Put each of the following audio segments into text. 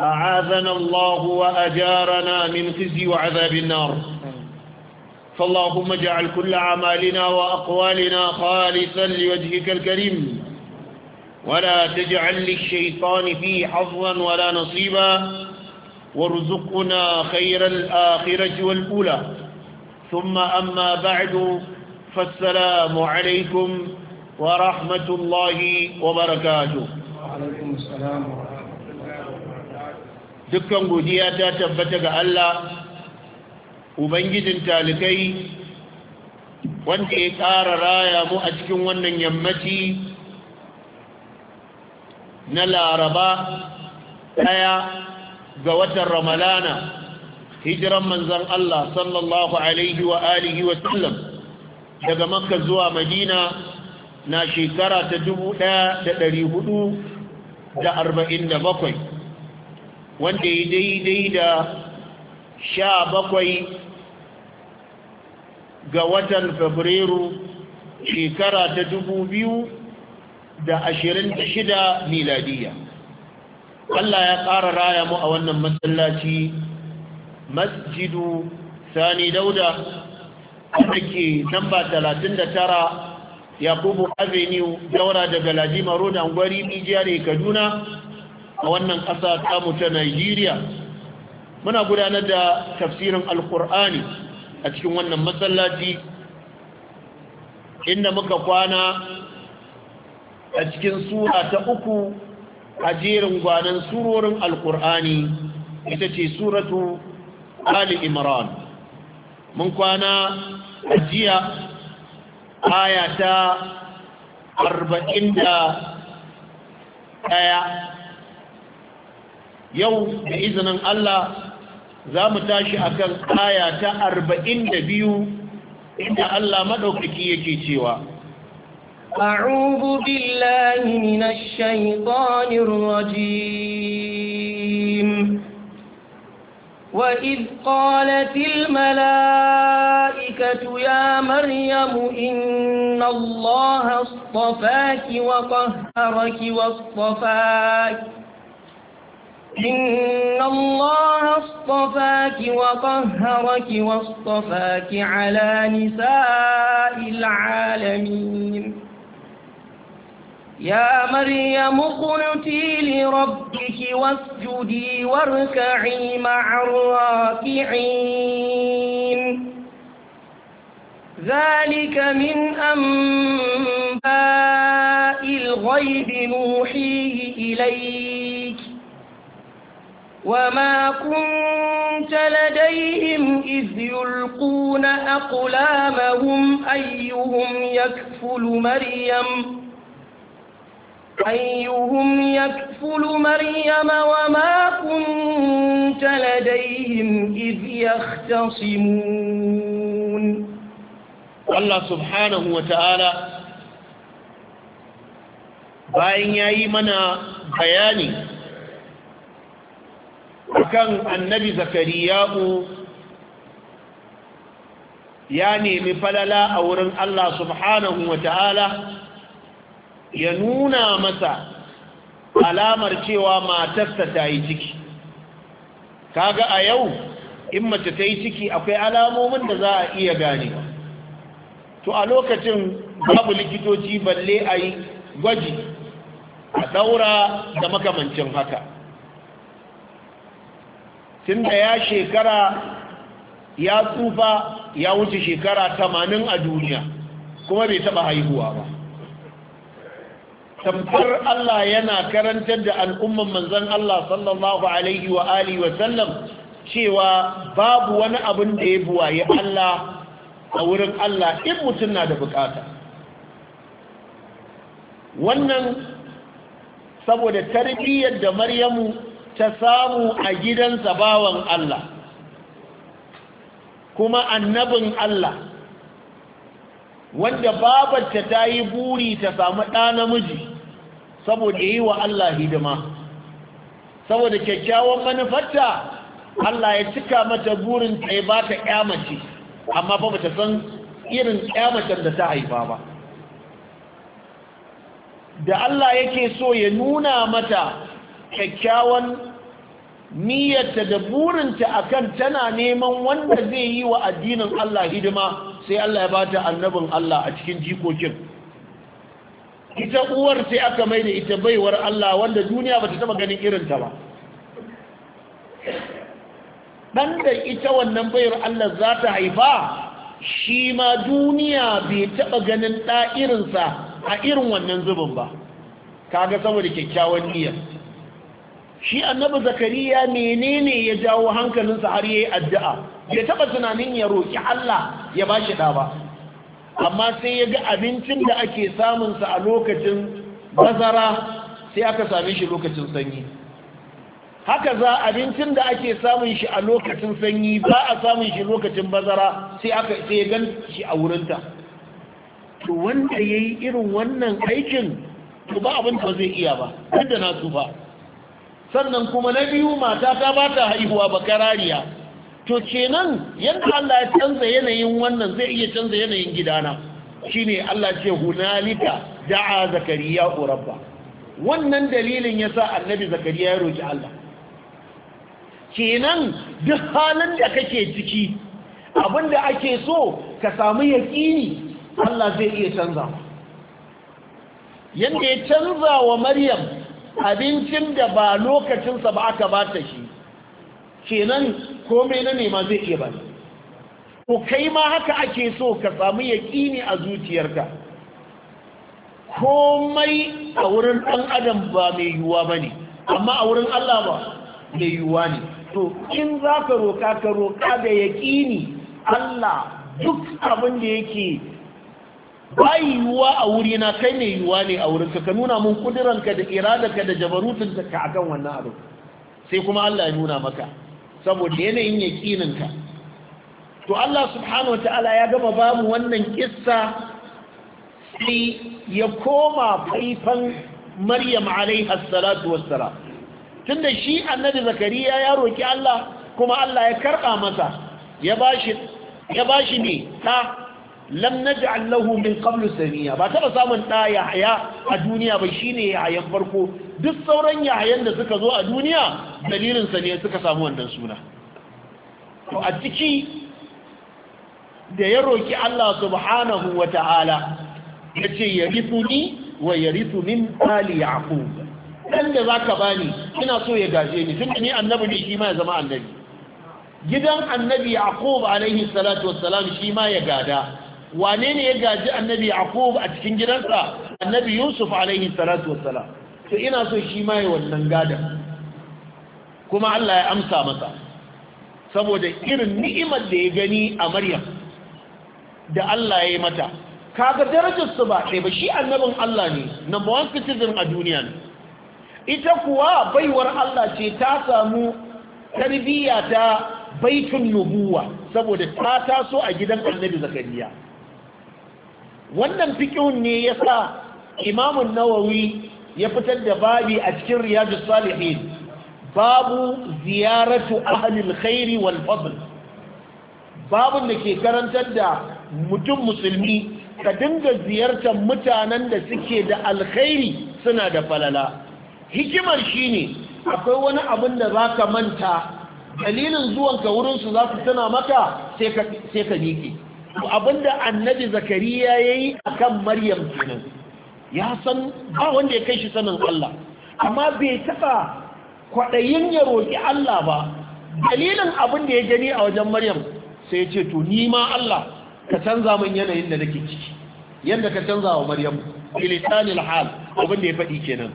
أعاذنا الله وأجارنا من خزي وعذاب النار فاللهم اجعل كل عمالنا وأقوالنا خالصا لوجهك الكريم ولا تجعل للشيطان فيه حظا ولا نصيبا وارزقنا خير الآخرة والأولى ثم أما بعد فالسلام عليكم ورحمة الله وبركاته وعليكم السلام ورحمة الله dukkan godiya ta tabbata ga Allah ubangijin talikai wanda ya ƙara raya mu a cikin wannan yammaci na laraba ɗaya ga watan ramalana hijiran manzan Allah sallallahu alaihi wa alihi wa sallam daga makka zuwa madina na shekara ta dubu ɗaya da huɗu da ɗari da bakwai. wanda ya daidai da sha bakwai ga watan fabrairu shekara ta dubu biyu da ashirin da shida miladiya Allah ya ƙara raya mu a wannan matsalaci masjidu sani dauda da ke namba talatin da tara yakubu avenue daura daga lajima da angwari bijiyar kaduna a wannan ƙasa tamu ta Najeriya muna gudanar da tafsirin alkur'ani a cikin wannan masallaci inda muka kwana a cikin sura ta uku a jerin gwanan surorin alkur'ani ita ce suratu ali imran mun kwana a jiya aya ta ɗaya. yau da izinin Allah za mu tashi kan aya ta arba'in da biyu inda Allah maɗaukaki yake cewa أعوذ بالله من الشيطان الرجيم وإذ قالت الملائكة يا مريم إن الله اصطفاك وطهرك إن الله اصطفاك وطهرك واصطفاك على نساء العالمين يا مريم اقنتي لربك واسجدي واركعي مع الراكعين ذلك من أنباء الغيب نوحيه إليك وما كنت لديهم إذ يلقون أقلامهم أيهم يكفل مريم أيهم يكفل مريم وما كنت لديهم إذ يختصمون الله سبحانه وتعالى باين يا إيمانا بياني akan annabi zakariya'u ya nemi falala a wurin Allah subhanahu wa ta'ala ya nuna masa alamar cewa matarsa ta yi ciki kaga a yau in mace ta yi ciki akwai alamomin da za a iya gane to a lokacin babu likitoci balle a yi gwaji a daura da makamancin haka tun da ya shekara ya tsufa ya wuce shekara tamanin a duniya kuma bai taba haihuwa ba tamfar Allah yana karantar da al'umman manzan Allah sallallahu alaihi wa alihi wa sallam cewa babu wani abin da ya buwaye Allah a wurin Allah in mutum na da bukata wannan saboda tarbiyyar da maryamu ta samu a gidansa bawan Allah kuma annabin Allah wanda babarta ta yi buri ta samu ɗa namiji saboda yi wa Allah hidima saboda kyakkyawan manufarta Allah ya cika mata burin ta ba ta ƙyamace amma ba ba ta san irin ƙyamacen da ta haifa ba da Allah yake so ya nuna mata kyakkyawan niyyarta da burinta akan tana neman wanda zai yi wa addinin Allah hidima sai Allah ya bata annabin Allah a cikin jikokin ita uwar sai aka mai da ita baiwar Allah wanda duniya bata taba ganin irinta ba dan da ita wannan bayar Allah za ta haifa shi ma duniya bai taba ganin ɗa'irinsa a irin wannan zubin ba kaga saboda kyakkyawan niyyar shi annabi zakariya menene ya jawo hankalinsa har yayi addu'a ya taba tunanin ya roki Allah ya bashi da ba amma sai ya ga abincin da ake samun sa a lokacin bazara sai aka same shi lokacin sanyi haka za abincin da ake samun shi a lokacin sanyi ba a samun shi lokacin bazara sai aka sai ya gan shi a wurinta to wanda yayi irin wannan aikin to ba abin da zai iya ba inda na tsufa. sannan kuma na biyu mata ta ba ta haihuwa ba karariya to kenan yadda Allah ya canza yanayin wannan zai iya canza yanayin gidana shine Allah ce hunalika da'a zakariya rabba wannan dalilin yasa annabi zakariya ya roki Allah kenan duk halin da kake ciki abinda ake so ka samu yaƙini Allah zai iya canza yadda ya canza wa Maryam abincin da ba lokacinsa ba aka ba ta shi Ke kenan komai na nema zai iya bani ko kai ma haka ake so ka samu yaƙini a zuciyarka komai a wurin ɗan adam ba mai yiwuwa ba ne amma a wurin Allah ba mai yiwuwa ne to in za ka roƙa ka roƙa da yaƙini Allah duk abin da yake ba yiwuwa a wuri na kai ne yiwuwa ne a wurin ka Ka nuna mun kudiranka da iradarka da jabarutun ka akan wannan abu sai kuma Allah ya nuna maka saboda yanayin yakinin ka to Allah subhanahu wataala ya gama babu wannan kissa sai ya koma faifan Maryam alaiha salatu wassalam tunda shi annabi Zakariya ya roki Allah kuma Allah ya karba masa ya bashi ya bashi ne ta lam naj'al lahu min qablu samiya ba taba samun da yahya a duniya ba shine yahyan farko duk sauran yahyan da suka zo a duniya dalilin sa ne suka samu wannan suna to a ciki da ya roki Allah subhanahu wata'ala yace yarithuni wa yarithu min ali yaqub dan da zaka bani ina so ya gaje ni Tun ni annabi ne shi ma ya zama annabi gidan annabi yaqub alaihi salatu wassalam shi ma ya gada wane ne ya gaji annabi yaqub a cikin gidansa annabi yusuf alaihi salatu wassalam to ina so shi ma wannan gadan kuma Allah ya amsa masa saboda irin ni'imar da ya gani a maryam da Allah ya yi mata kaga darajar su ba sai ba shi annabin Allah ne number one citizen a duniya ne ita kuwa baiwar Allah ce ta samu tarbiyya ta baitun nubuwa saboda ta taso a gidan annabi zakariya wannan fiqhun ne yasa sa an-Nawawi ya fitar da babi a cikin Riyadu Salihin babu ziyaratu ahli Khairi wal fadl babun da ke karantar da mutum musulmi ka dinga ziyartar mutanen da suke da alkhairi suna da falala hikimar shine akwai wani abin da zaka manta dalilin zuwanka wurinsu za su tana maka sai ka miƙe abinda annabi zakariya ya yi a kan maryam kenan ya san ba wanda ya kai shi sanin Allah amma bai taɓa kwaɗayin ya roƙi Allah ba dalilin abun da ya gani a wajen maryam sai ya ce to ni ma Allah ka canza min yanayin da nake ciki yadda ka canza wa maryam bilisanil hal abin da ya faɗi kenan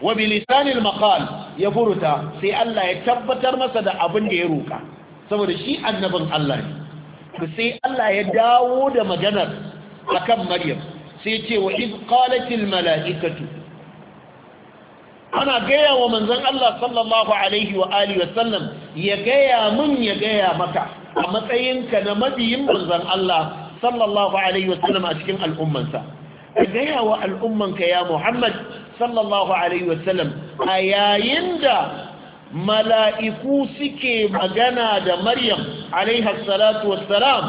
wa bilisanil maqal ya furuta sai Allah ya tabbatar masa da abin da ya roƙa saboda shi annabin Allah ne to sai Allah ya dawo da maganar akan Maryam sai ce wa iz qalatil malaikatu ana gaya wa manzon Allah sallallahu alaihi wa alihi wa sallam ya gaya mun ya gaya maka a matsayinka na mabiyin manzon Allah sallallahu alaihi wa sallam a cikin al'ummansa ka gaya wa al'ummanka ya Muhammad sallallahu alaihi wa sallam a yayin da mala'iku suke magana da maryam alaihi salatu wassalam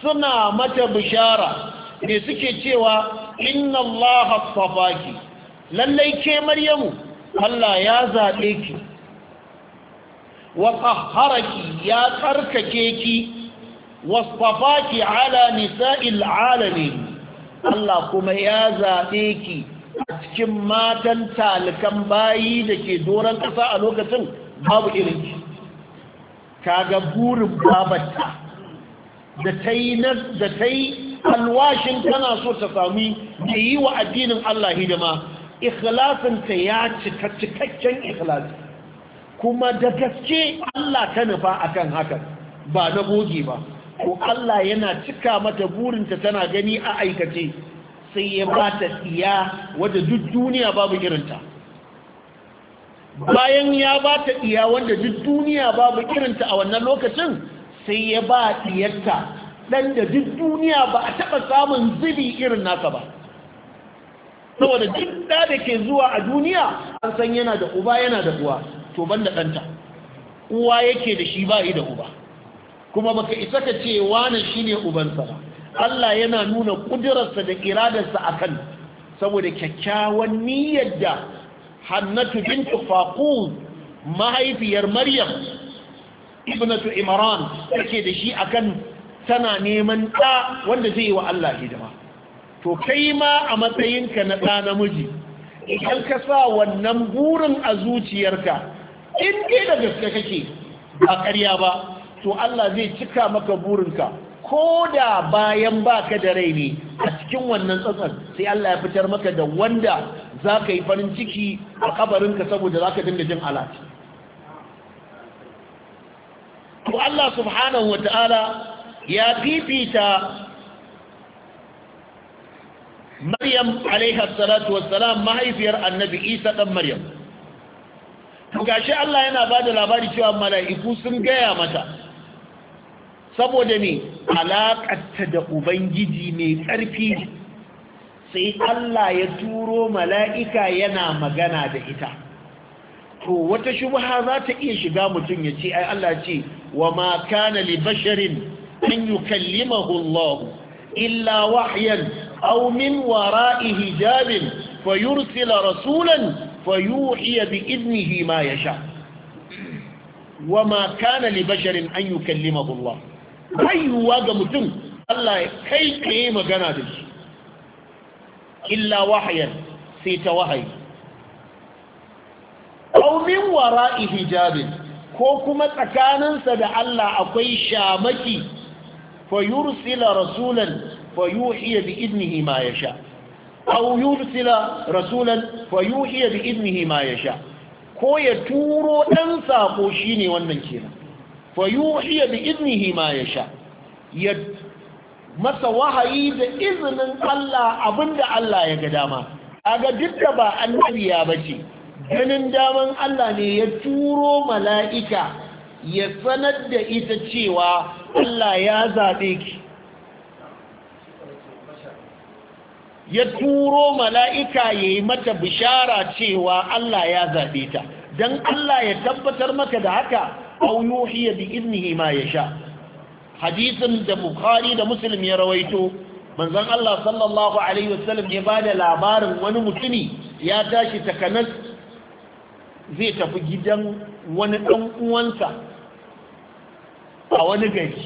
suna mata bishara ne suke cewa inna allaha astafaki lallai ke maryamu Allah ya zaɓe ki wa haraki ya tsarkake ki wasfafaki ala nisa'il ne. Allah kuma ya zaɓe ki a cikin matan talikan bayi da ke doron ƙasa a lokacin babu irinki kaga burin babata da ta yi alwashin tana so ta sami da yi wa addinin Allah hidima ikhlasinta ya cika cikakken ikhlasi kuma da gaske Allah ta nufa akan hakan ba na goge ba ko Allah yana cika mata burinta tana gani a aikace sai ya ba ta tsiya wadda duk duniya babu irinta bayan ya ba ta tsiya wadda duk duniya babu irinta a wannan lokacin sai ya ba tsiyarta ɗan da duk duniya ba a taɓa samun zubi irin nasa ba saboda duk ɗa da ke zuwa a duniya an san yana da uba yana da uwa to ban da ɗanta uwa yake da shi ba da uba kuma baka isa ka ce wane ne ubansa ba Allah yana nuna ƙudurarsa da iradarsa a kan saboda kyakkyawan niyyar da hannatu bintu faqud mahaifiyar maryam ibnatu imran take da shi akan tana neman ɗa wanda zai yi wa Allah hidima to kai ma a matsayinka na ɗa namiji idan ka sa wannan burin a zuciyarka in dai da gaske kake ba ƙarya ba to Allah zai cika maka burinka ko da bayan baka da rai ne a cikin wannan tsatsar sai Allah ya fitar maka da wanda za ka yi farin ciki a kabarinka saboda za ka dinga jin alat to Allah subhanahu wa ta'ala ya fifita Maryam alaiha salatu wassalam mahaifiyar Annabi Isa ɗan Maryam to gashi Allah yana ba da labari cewa mala'iku sun gaya mata saboda ne alaƙarta da ubangiji mai ƙarfi sai Allah ya turo mala'ika yana magana da ita to wata shubha za ta iya shiga mutum ya ce ai Allah ce wa ma kana li basharin an yukallimahu Allah illa wahyan aw min wara'i hijabin fayursila rasulan fayuhiya bi idnihi ma yasha wa ma kana li basharin an yukallimahu Allah bayuwa ga mutum Allah ya kai magana da shi illa wahayan sai ta wahayi Ƙaunin wara'i hijabin ko kuma tsakaninsa da Allah akwai shamaki fa yursila rasulan fa yuhiya bi idnihi ma yasha aw yursila rasulan fa yuhiya bi idnihi ma yasha ko ya turo dan sako shine wannan kenan fayuhiya yuhiya bi iznihi ma yasha ya masa wahayi da izinin Allah abinda Allah ya ga dama kaga duk da ba ya bace ganin daman Allah ne ya turo mala'ika ya sanar da ita cewa Allah ya zaɓe ki ya turo mala'ika yayi mata bishara cewa Allah ya zaɓe ta don Allah ya tabbatar maka da haka aw yuhiya bi idnihi ma yasha hadisin da bukhari da muslim ya rawaito manzon Allah sallallahu alaihi wasallam ya bada labarin wani mutumi ya tashi takanas zai tafi gidan wani dan uwansa a wani gari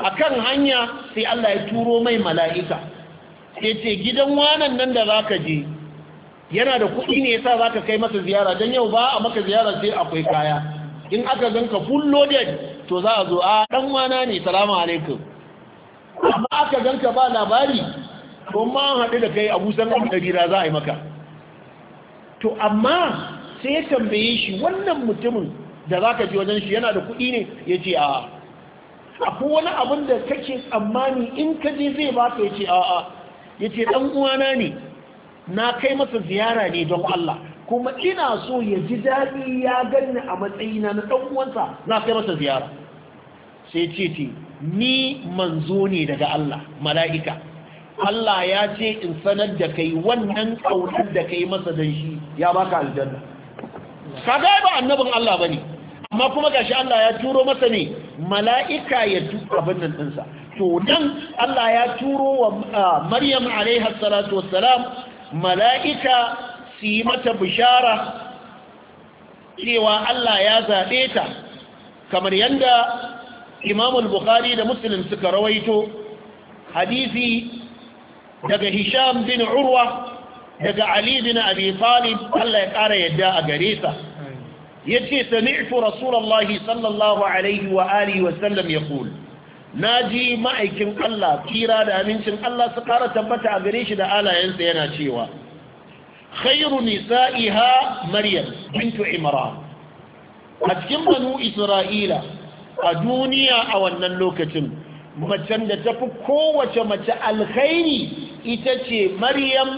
akan hanya sai Allah ya turo mai mala'ika sai ce gidan wanan nan da zaka je yana da kuɗi ne yasa zaka kai masa ziyara dan yau ba a maka ziyara sai akwai kaya in aka ganka full loaded to za a zo a dan wana ne salamu alaikum amma aka ganka ba labari ko ma haɗu da kai a busan da za a yi maka to amma sai ya tambaye shi wannan mutumin da za ka ji wajen shi yana da kuɗi ne ya ce a'a akwai wani abin da kake tsammani in ka je zai ba ka ya ce a'a ya ce ɗan uwana ne na kai masa ziyara ne don Allah kuma ina so ya ji daɗi ya ganni a matsayina na ɗan uwansa na kai masa ziyara sai ce ce ni manzo ne daga Allah mala'ika Allah ya ce in sanar da kai wannan ƙaunar da kai masa don shi ya baka aljanna ka ga ba annabin Allah ba ne. amma kuma gashi Allah ya turo masa ne mala'ika ya tuka abin nan ɗinsa to dan Allah ya turo wa ah, Maryam alaiha salatu wassalam mala'ika su yi mata bishara cewa Allah ya zaɓe ta kamar yadda imamul bukhari da musulun suka rawaito hadisi daga hisham bin urwa daga ali bin abi talib Allah ya ƙara yadda a gare sa ce sami'tu rasulullahi sallallahu alaihi wa alihi ya sallam na naji ma'aikin Allah kira da amincin Allah su ƙara tabbata a gare shi da alayensa yana cewa khairu nisa'iha maryam bintu imran a cikin banu isra'ila a duniya a wannan lokacin macen da tafi kowace mace alkhairi ita ce maryam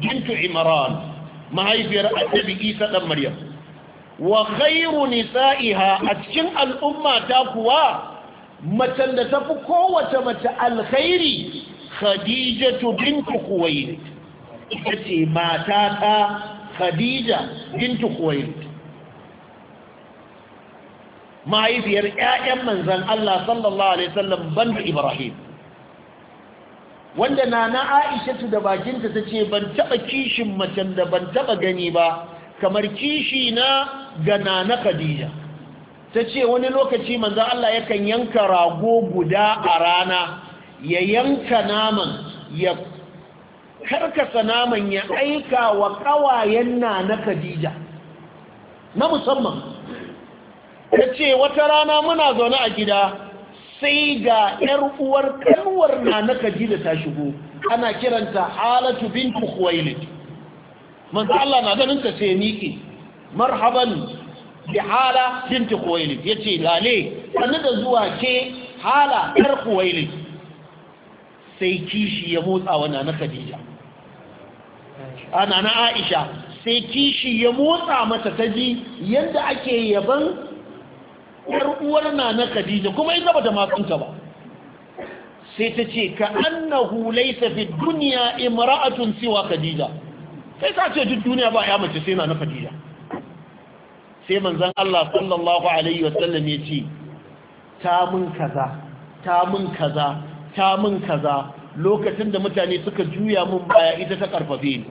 bintu imran mahaifiyar annabi isa dan maryam wa khairu nisa'iha a cikin al'umma ta kuwa macen da tafi kowace mace alkhairi khadijatu bintu khuwailid ita ce mata ta khadija bintu kuwait mahaifiyar 'ya'yan manzan Allah sallallahu alaihi wasallam banda ibrahim wanda nana na aishatu da bakinta tace ce ban taba kishin macen da ban taba gani ba kamar kishi na ga nana khadija tace wani lokaci manzon Allah yakan yanka rago guda a rana ya yanka naman ya karkasa naman ya aika wa kawayen na na Khadija na musamman ta ce wata rana muna zaune a gida sai ga ‘yar uwar kanwar na na Khadija ta shigo ana kiranta halatu bintu khuwailid manzo Allah na ganin ta sai niki marhaban bi hala bintu khuwailid yace lale sannu da zuwa ke hala ‘yar khuwailid sai kishi ya motsa wa na Khadija ana na aisha sai kishi ya motsa mata ta ji yadda ake yaban uwar na na khadija kuma ita bata makanta ba sai ta ce ka annahu laysa fi dunya imra'atun siwa khadija sai ta ce duk duniya ba ya mace sai na na khadija sai manzon Allah sallallahu alaihi wasallam ya ce ta mun kaza ta mun kaza ta mun kaza lokacin da mutane suka juya mun baya ita ta karfafe ni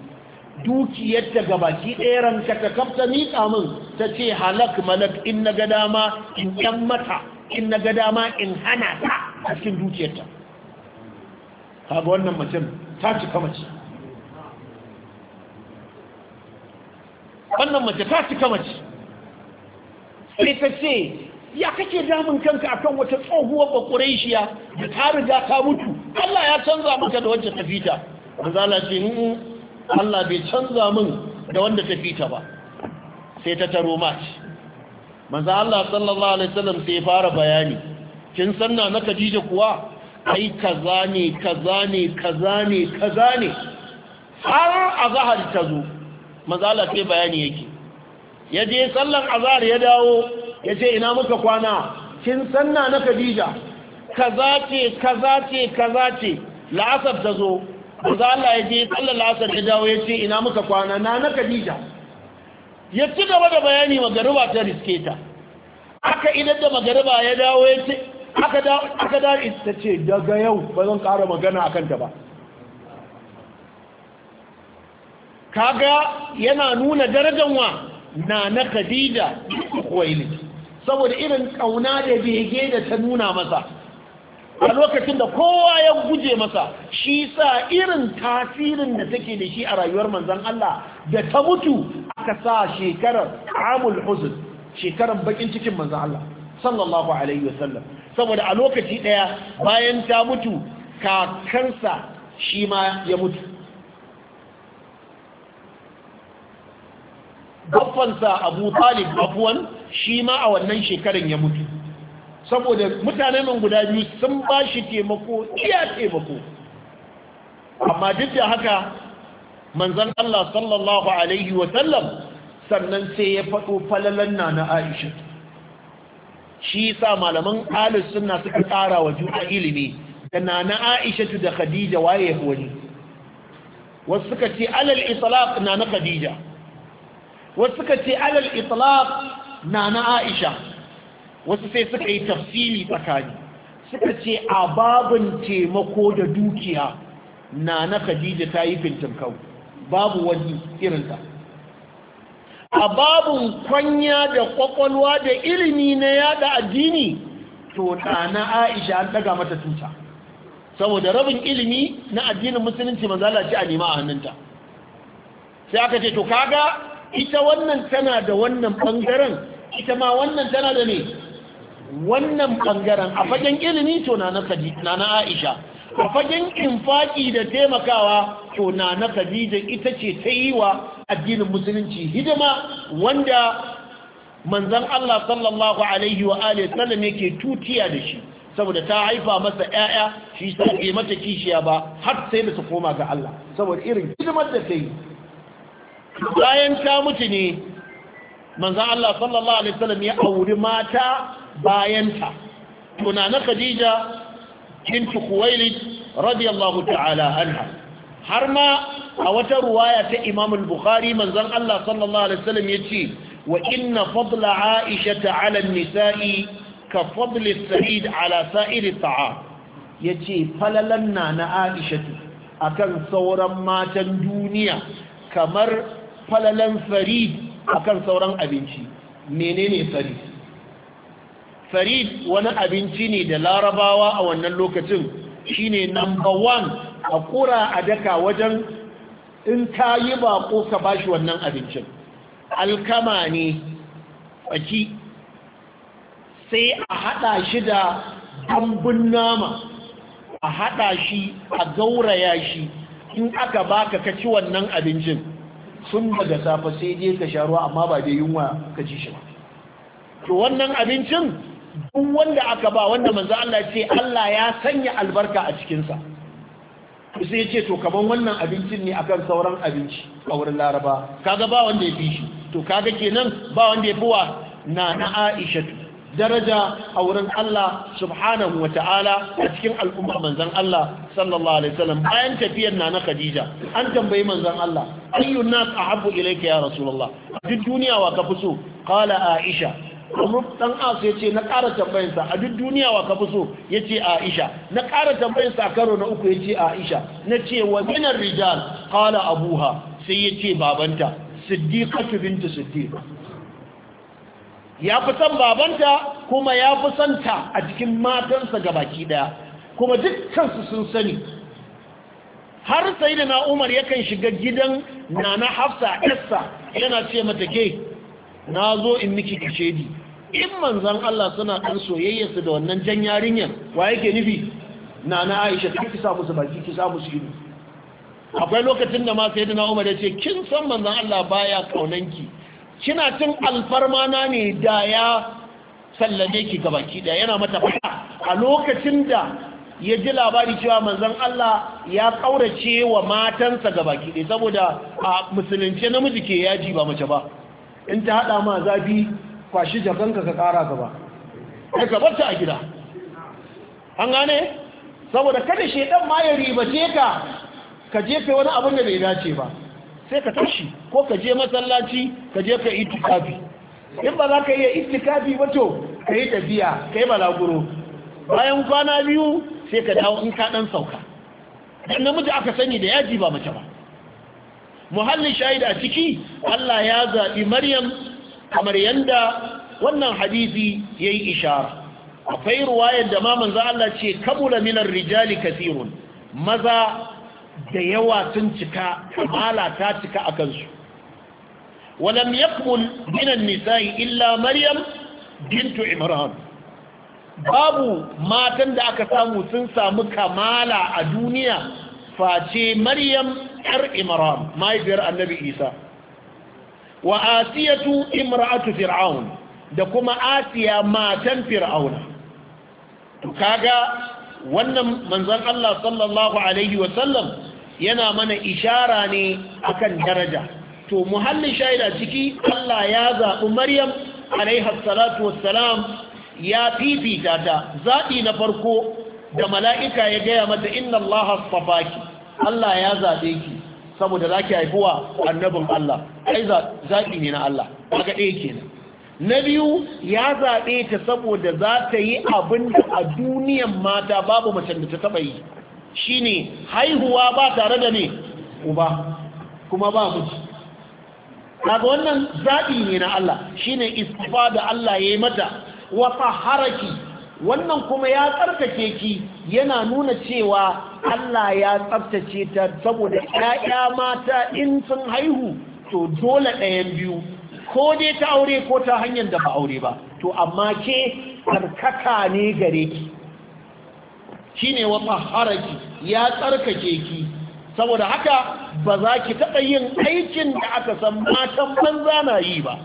dukiyarta gabaki ɗeran ka ta kafta miƙa min ta ce halak malak in na ga dama in ɗan mata in na ga dama in hana ta a cikin dukiyarta kaga wannan macen ta cika mace wannan mace ta cika mace sai ta ce ya kake damun kanka akan wata tsohuwar shiya da ta riga ta mutu Allah ya canza maka da wancan tafita manzala ce Allah bai canza min da wanda ta fita ba sai ta taro mace manzo Allah sallallahu alaihi wasallam sai fara bayani kin sanna na Khadija kuwa ai kaza ne kaza ne kaza ne kaza ne har azhar ta zo manzo Allah sai bayani yake yaje sallan azhar ya dawo yace ina muka kwana kin sanna na Khadija kaza ce kaza ce kaza ce la'asab ta zo manzo Allah ya je Allah lasar ya dawo ya ce ina muka kwana na na Khadija ya ci gaba da bayani magariba ta riske ta aka idan da magariba ya dawo ya ce aka da aka ita ce daga yau ba zan ƙara magana akan ta ba kaga yana nuna darajar wa na na Khadija kuwaili saboda irin kauna da bege da ta nuna masa a lokacin da kowa ya guje masa shi sa irin tasirin da take da shi a rayuwar manzan Allah da ta mutu aka sa shekarar amul huzun shekarar bakin cikin manzan Allah sallallahu alaihi wasallam saboda a lokaci daya bayan ta mutu kakarsa shi ma ya mutu babbansa abu talib afuwan shi ma a wannan shekarar ya mutu saboda mutane nan guda biyu sun ba shi taimako iya taimako amma duk da haka manzan Allah sallallahu alaihi wasallam sannan sai ya faɗo falalan na na Aisha shi sa malaman alis suna suka tsara wa juna ilimi da na na Aisha da Khadija waye wani wasu suka ce alal itlaq na na Khadija wasu suka ce alal itlaq na na Aisha wasu sai suka yi tafsiri tsakani suka ce a babin taimako da dukiya na na khadija ta yi fintinkau babu wani irinta a babin kwanya da kwakwalwa da ilimi na yada addini to na aisha an daga mata tuta saboda rabin ilimi na addinin musulunci manzala ce a nema a hannunta sai aka ce to kaga ita wannan tana da wannan bangaren ita ma wannan tana da ne wannan ɓangaren a fagen ilimi to na na aisha a fagen infaki da taimakawa to na na khadija ita ce ta yi wa addinin musulunci hidima wanda manzan Allah sallallahu alaihi wa alihi sallam yake tutiya da shi saboda ta haifa masa ƴaƴa shi sai bai mata kishiya ba har sai da su koma ga Allah saboda irin hidimar da ta yi bayan ta mutu ne manzan Allah sallallahu alaihi wasallam ya auri mata bayanta tunana khadija bintu khuwailid radiyallahu ta'ala anha har ma a wata ruwaya ta imam al-bukhari manzon Allah sallallahu alaihi wasallam yace wa inna fadla aisha ta'ala an-nisa'i ka fadli sa'id ala sa'iri ya yace falalan na na aisha akan sauran matan duniya kamar falalan farid akan sauran abinci menene farid farid wani abinci ne da larabawa a wannan lokacin shine number one a kura a daka wajen in ta yi bako ka bashi wannan abincin alkama ne baki sai a hada shi da dambun nama a haɗa shi a gauraya shi in aka baka ka ci wannan abincin sun daga safa sai dai ka sha ruwa amma ba da yunwa ka ci shi ba to wannan abincin duk wanda aka ba wanda manzo Allah ce Allah ya sanya albarka a cikinsa sai ya ce to kaman wannan abincin ne akan sauran abinci a wurin laraba kaga ba wanda ya fi shi to kaga kenan ba wanda ya fi wa na na Aisha daraja a wurin Allah subhanahu wa ta'ala a cikin al'umma manzan Allah sallallahu alaihi wasallam bayan tafiyar na na Khadija an tambayi manzan Allah ayyun nas ahabbu ilayka ya rasulullah duk duniya wa ka fi so qala Aisha amur dan asu ya ce na ƙara tambayinsa a duk duniya wa kafi so ya ce aisha na ƙara tambayinsa a karo na uku ya ce aisha na ce wa minar rijal kala abuha sai ya ce babanta siddiqatu bintu siddiq ya fi son babanta kuma ya fi son ta a cikin matansa baki ɗaya kuma dukkansu sun sani har sai da na umar yakan shiga gidan nana hafsa Issa yana ce mata ke na zo in miki kashedi in manzan Allah suna ɗan soyayyarsa da wannan jan yarinyar wa yake nufi na na aisha ta kisa musu baki kisa musu ido akwai lokacin da ma sai na umar ya ce kin san manzan Allah baya kaunanki kina cin alfarma na ne da ya sallame ki ga baki da yana mata fata a lokacin da ya ji labari cewa manzan Allah ya ƙaurace wa matansa ga baki ɗaya saboda a musulunce namiji ke yaji ba mace ba in ta haɗa ma zafi kwashi jakanka ka ƙara gaba ai barta a gida an gane saboda kada shaidan ma ya ribace ka ka jefe wani abin da bai dace ba sai ka tashi ko ka je masallaci ka je ka itikafi in ba za ka iya itikafi ba to ka yi tafiya ka yi balaguro bayan kwana biyu sai ka dawo in ka ɗan sauka dan namiji aka sani da yaji ba mace ba muhallin shaida a ciki Allah ya zaɓi maryam kamar yanda wannan hadisi ya yi ishara akwai ruwayar da maman manzo Allah ce kamula minar rijali kasirun maza da yawa sun cika kamala ta cika a kansu walam yakmul minan nisa'i illa maryam bintu imran babu matan da aka samu sun samu kamala a duniya face maryam yar imran mahaifiyar annabi isa wa asiyatu imra'atu fir'aun da kuma asiya matan fir'auna to kaga wannan manzon Allah sallallahu alaihi wa sallam yana mana ishara ne akan daraja to muhallin shaida ciki Allah ya zaɓi maryam alaiha salatu wassalam ya fifita ta zaɓi na farko da mala'ika ya gaya mata inna Allah ki, Allah ya zaɓe ki saboda za ki haifuwa annabin Allah ai zaɓi ne na Allah ga ɗaya kenan na biyu ya zaɓe ta saboda za ta yi abin da a duniyan mata babu macen da ta taɓa yi Shi ne, haihuwa ba tare da ne uba kuma ba miji daga wannan zaɓi ne na Allah shine istifa da Allah ya yi mata wata haraki wannan kuma ya tsarkake ki yana nuna cewa Allah ya tsaftace ta saboda ƴaƴa mata in sun haihu to dole ɗayan biyu ko dai ta aure ko ta hanyar da ba aure ba to amma ke tsarkaka ne gare ki ne wa haraki. ya tsarkake ki saboda haka ba za ki taɓa yin aikin da aka san matan banza na yi ba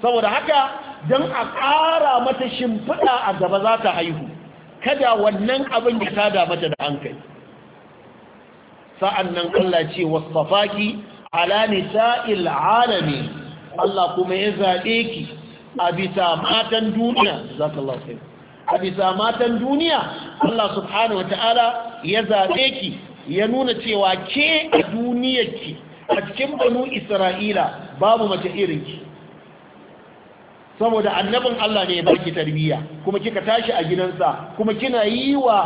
saboda haka don a ƙara mata shimfiɗa a gaba za ta haihu kada wannan abin ya sada mata da hankali sa'an nan Allah ce wasfafaki ala nisa'il alami Allah kuma ya zaɓe ki a bisa matan duniya za ka lafi a bisa matan duniya Allah subhanahu wa ta'ala ya zaɓe ki ya nuna cewa ke a duniyarki a cikin banu isra'ila babu mace irinki saboda annabin Allah ne ya baki tarbiyya kuma kika tashi a gidansa kuma kina yi wa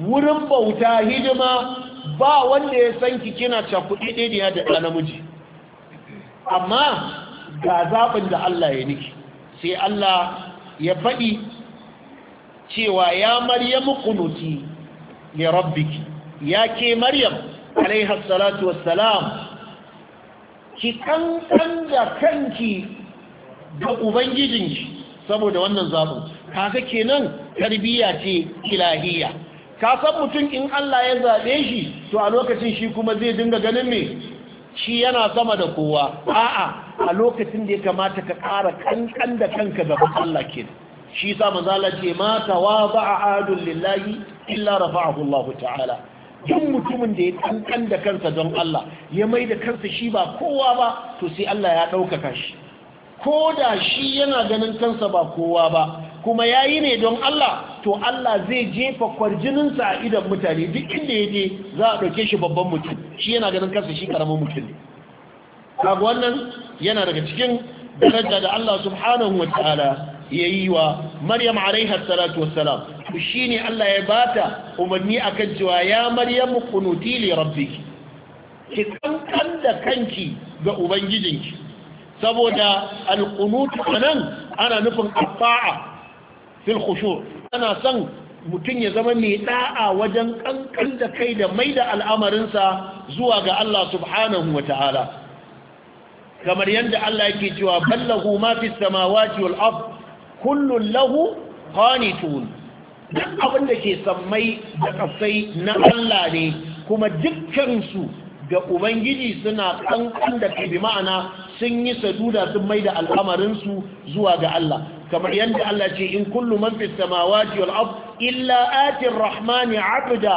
wurin bauta hidima ba wanda ya san ki kina cakuɗi ɗaya da ɗa namiji amma ga zaɓin da Allah ya niki sai Allah ya faɗi cewa ya maryamu kunuti ya rabbiki ya ke maryam alaihi salatu wassalam ki kankan da kanki ga ubangijin shi saboda wannan zaɓin kaga kenan tarbiyya ce ilahiyya ka san mutum in Allah ya zaɓe shi to a lokacin shi kuma zai dinga ganin me shi yana sama da kowa a'a a lokacin da ya kamata ka ƙara kankan da kanka gaban Allah ke shi sa manzala ce ma tawaba adul lillahi illa rafa'ahu Allah ta'ala duk mutumin da ya kankan da kansa don Allah ya mai da kansa shi ba kowa ba to sai Allah ya ɗaukaka shi ko da shi yana ganin kansa ba kowa ba kuma ya yi ne don Allah to Allah zai jefa kwarjininsa a idan mutane duk inda ya je za a ɗauke shi babban mutum shi yana ganin kansa shi ƙaramin mutum ne kaga wannan yana daga cikin daraja da Allah subhanahu wa ta'ala ya yi wa maryam alaiha salatu wassalam shi ne Allah ya ba ta umarni a kan cewa ya maryam kunuti li rabbiki ki kankan da kanki ga ubangijinki saboda alƙunutu a nan ana nufin ƙafa'a fil khushu ana son mutum ya zama mai da'a wajen ƙanƙan da kai da mai da al'amarinsa zuwa ga Allah subhanahu wa ta'ala kamar yadda Allah yake cewa ballahu ma fi samawati wal ard kullun lahu qanitun duk abin da ke sammai da kasai na Allah ne kuma dukkan su ga ubangiji suna kankan da kai bi ma'ana sun yi saduda sun maida al'amarinsu zuwa ga Allah kamar yadda Allah ce in kullu man fis samawati wal ard illa ati rahmani 'abda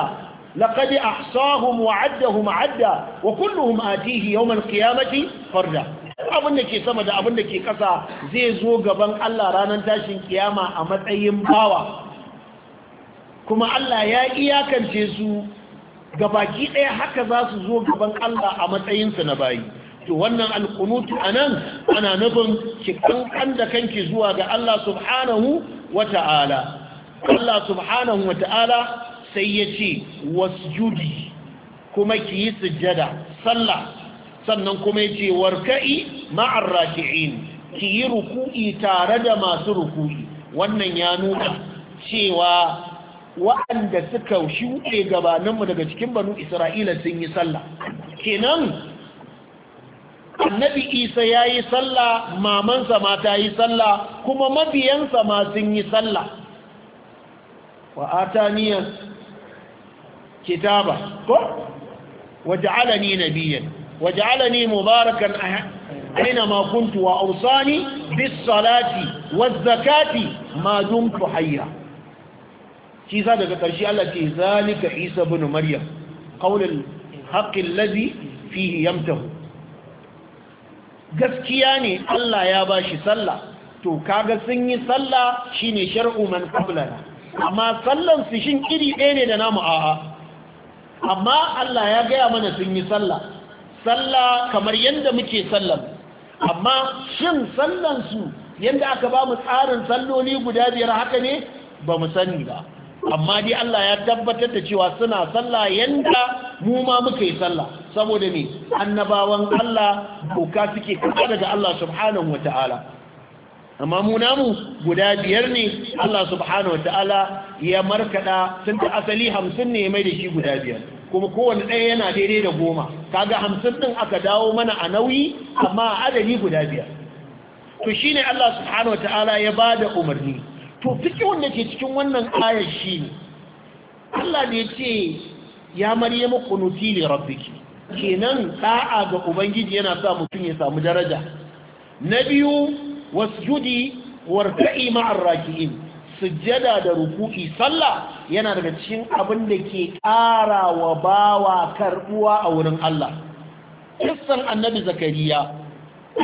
laqad ahsahum wa 'addahum 'adda wa kulluhum atihi yawm al-qiyamati farda abin da ke sama da abin da ke kasa zai zo gaban Allah ranar tashin kiyama a matsayin bawa kuma Allah ya iyakance su gabaki ɗaya haka za su zo gaban Allah a matsayinsu na bayi to wannan alkunutu anan ana nufin ki kankan da kanki zuwa ga Allah subhanahu wata'ala Allah subhanahu wata'ala sai ya ce wasjudi kuma ki yi sujjada sallah sannan kuma ya ce warka'i ma'ar raki'in ki yi ruku'i tare da masu ruku'i wannan ya nuna cewa waɗanda suka shuɗe gabaninmu daga cikin banu isra'ila sun yi sallah kenan annabi isa ya yi sallah mamansa ma ta yi sallah kuma mabiyansa ma sun yi sallah wa ataniyan kitaba ko waj'alani nabiyyan waj'alani mubarakan aina ma kuntu wa awsani bis salati waz zakati ma dumtu hayya shi za daga ƙarshe Allah ce zalika isa ibn maryam qaulul haqqi alladhi fihi yamtahu gaskiya ne Allah ya ba shi sallah to kaga sun yi sallah shine shar'u man qablana amma sallan su shin iri ɗaya ne da namu a'a amma Allah ya gaya mana sun yi sallah sallah kamar yadda muke sallan amma shin sallan su yanda aka ba mu tsarin salloli guda biyar haka ne ba mu sani ba amma dai Allah ya tabbatar da cewa suna sallah yanda mu ma muka yi sallah saboda ne annabawan Allah doka suke kasa daga Allah subhanahu wata'ala amma mu namu guda biyar ne Allah subhanahu wata'ala ya markada Sun ta asali hamsin ne mai da shi guda biyar kuma kowane ɗaya yana daidai da goma kaga hamsin ɗin aka dawo mana a nauyi amma adadi guda biyar to shine Allah subhanahu wata'ala ya bada umarni to fikihun da ke cikin wannan ayar shi ne Allah ne ce ya maryama kunuti ne rabbiki kenan da'a ga ubangiji yana sa mutum ya samu daraja na biyu wasjudi warka'i ma'ar raki'in sujjada da ruku'i sallah yana daga cikin abin da ke ƙara wa bawa karbuwa a wurin Allah kissan annabi zakariya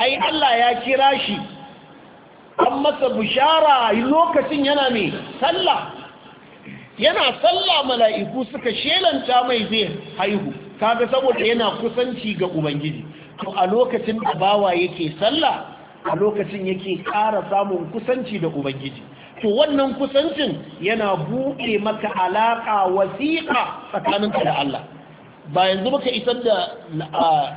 ai Allah ya kira shi an masa bishara lokacin yana mai sallah yana sallah mala'iku suka shelanta mai zai haihu kaga saboda yana kusanci ga ubangiji to a lokacin da bawa yake sallah a lokacin yake kara samun kusanci da ubangiji to wannan kusancin yana buɗe maka alaƙa wasiƙa tsakaninka da Allah ba yanzu muka isar da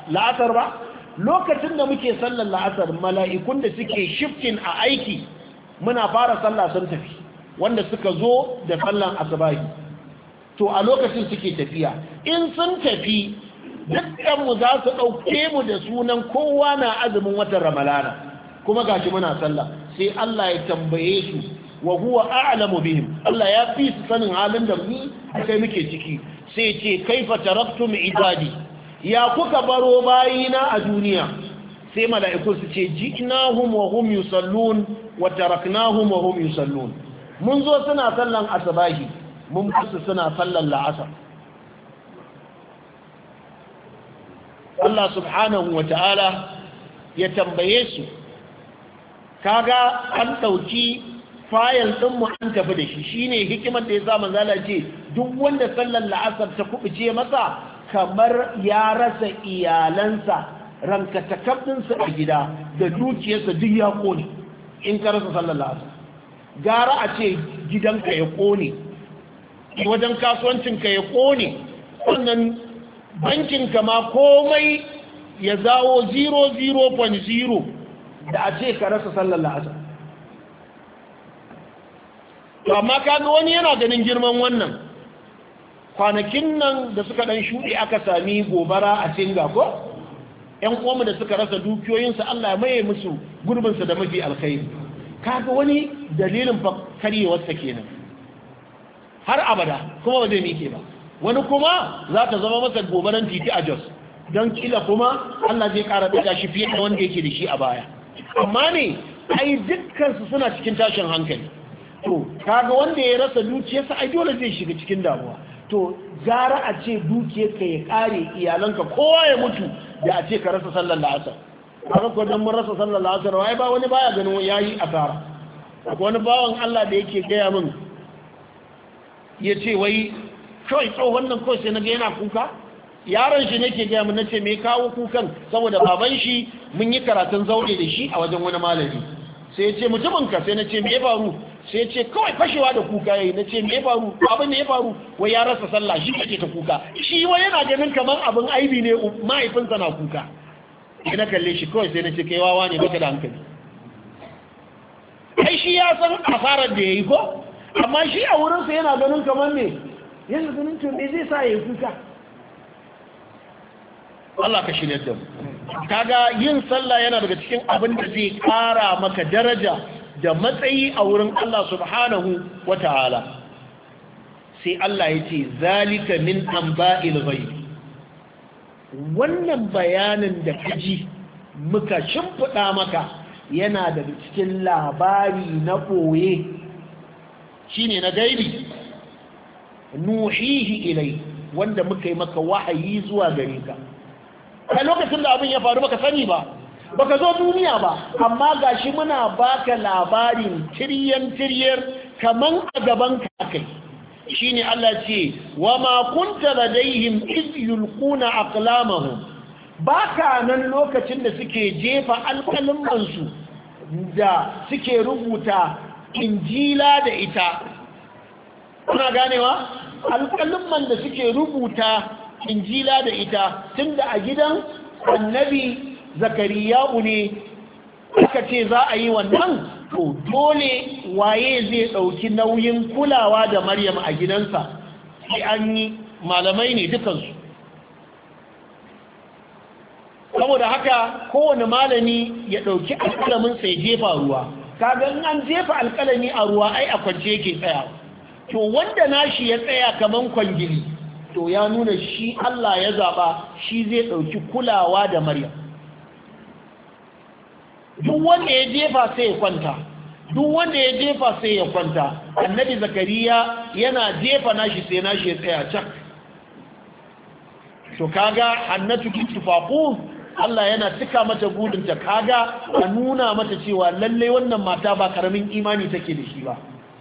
la'asar ba lokacin da muke sallar la'asar mala'ikun da suke shiftin a aiki muna fara sallah sun tafi wanda suka zo da sallan asubahi to a lokacin suke tafiya in sun tafi dukkanmu za su ɗauke mu da sunan kowa na azumin watan ramalana kuma gashi muna sallah sai Allah ya tambaye su wa huwa a'lamu bihim Allah ya fi su sanin halin da mu sai muke ciki sai ce kaifa taraktum ibadi ya kuka baro bayina a duniya sai mala'iku su ce ji'nahum wa hum yusallun wa taraknahum wa hum yusallun mun zo suna sallan asabahi mun basu suna sallan la'asar Allah subhanahu wa ta'ala ya tambaye su kaga an ɗauki fayil din mu an tafi da shi shine hikimar da ya zama manzala duk wanda sallan la'asar ta kubuce masa kamar ya rasa iyalansa rankatakaɗinsa a gida da dukiyarsa duk ya kone in ka rasa sallar la'asar gara a ce gidanka ya kone wajen kasuwancinka ya kone wannan bankinka ma komai ya zawo 0.0 da a ce ka rasa sallar la'asar to amma kaga wani yana ganin girman wannan kwanakin nan da suka dan shuɗe aka sami gobara a singa ko ƴan uwanmu da suka rasa dukiyoyinsu Allah ya maye musu gurbinsa da mafi alkhairi kaga wani dalilin fa karyewarsa kenan har abada kuma ba zai mike ba wani kuma za ta zama masa gobaran titi a jos don kila kuma Allah zai kara ɗaga shi fiye da wanda yake da shi a baya amma ne ai dukkansu suna cikin tashin hankali to kaga wanda ya rasa dukiyarsa ai dole zai shiga cikin damuwa to gara a ce ka ya kare iyalanka kowa ya mutu da a ce ka rasa sallar la'asar A ko kwadon mun rasa sallar la'asar wai ba wani baya ganin ya yi tara akwai wani bawan Allah da yake gaya min ya ce wai kawai tsohon nan kawai sai na ga yana kuka yaron shi nake gaya min na ce me kawo kukan saboda baban shi mun yi karatun zaure da shi a wajen wani malami sai ya ce mutumin ka sai na ce me faru sai ce kawai fashewa da kuka yayi ce me faru abin da ya faru wai ya rasa sallah shi kake ta kuka shi wai yana ganin kamar abin aibi ne um, mahaifinsa na kuka na kalle shi kawai sai na ce kai wawa ne baka da hankali kai shi ya san asarar da yayi ko amma shi a wurinsa yana ganin kamar ne yana ganin to me zai sa yayi kuka Allah ka shirye da mu kaga yin sallah yana daga cikin abin da zai kara maka daraja da matsayi a wurin Allah subhanahu wa ta'ala sai Allah ya ce zalika min amba'il ghaib wannan bayanin da kaji muka shimfiɗa maka yana da cikin labari na Shi ne na gaibi nuhihi ilai wanda muka yi maka wahayi zuwa gare ka a lokacin da abin ya faru baka sani ba baka zo duniya ba amma gashi muna baka labarin tiryan tiryar kaman a gaban ka kai shine Allah ce wa ma kunta ladaihim iz yulquna aqlamahum baka nan lokacin da suke jefa alƙalin mansu da suke rubuta injila da ita kuna ganewa alƙalin man da suke rubuta injila da ita tunda a gidan annabi zakariya'u ne aka ce za a yi wannan to dole waye zai ɗauki nauyin kulawa da maryam a gidansa sai an yi malamai ne dukansu saboda haka kowane malami ya ɗauki sa ya jefa ruwa kaga in an jefa alkalami a ruwa ai a kwance yake tsaya to wanda nashi ya tsaya kaman kwangili to ya nuna shi Allah ya zaɓa shi zai ɗauki kulawa da maryam duk wanda ya jefa sai ya kwanta duk wanda ya jefa sai ya kwanta annabi zakariya yana jefa nashi sai nashi ya tsaya can to kaga annatu kitufaqu Allah yana cika mata gudunta kaga a nuna mata cewa lallai wannan mata ba karamin imani take da shi ba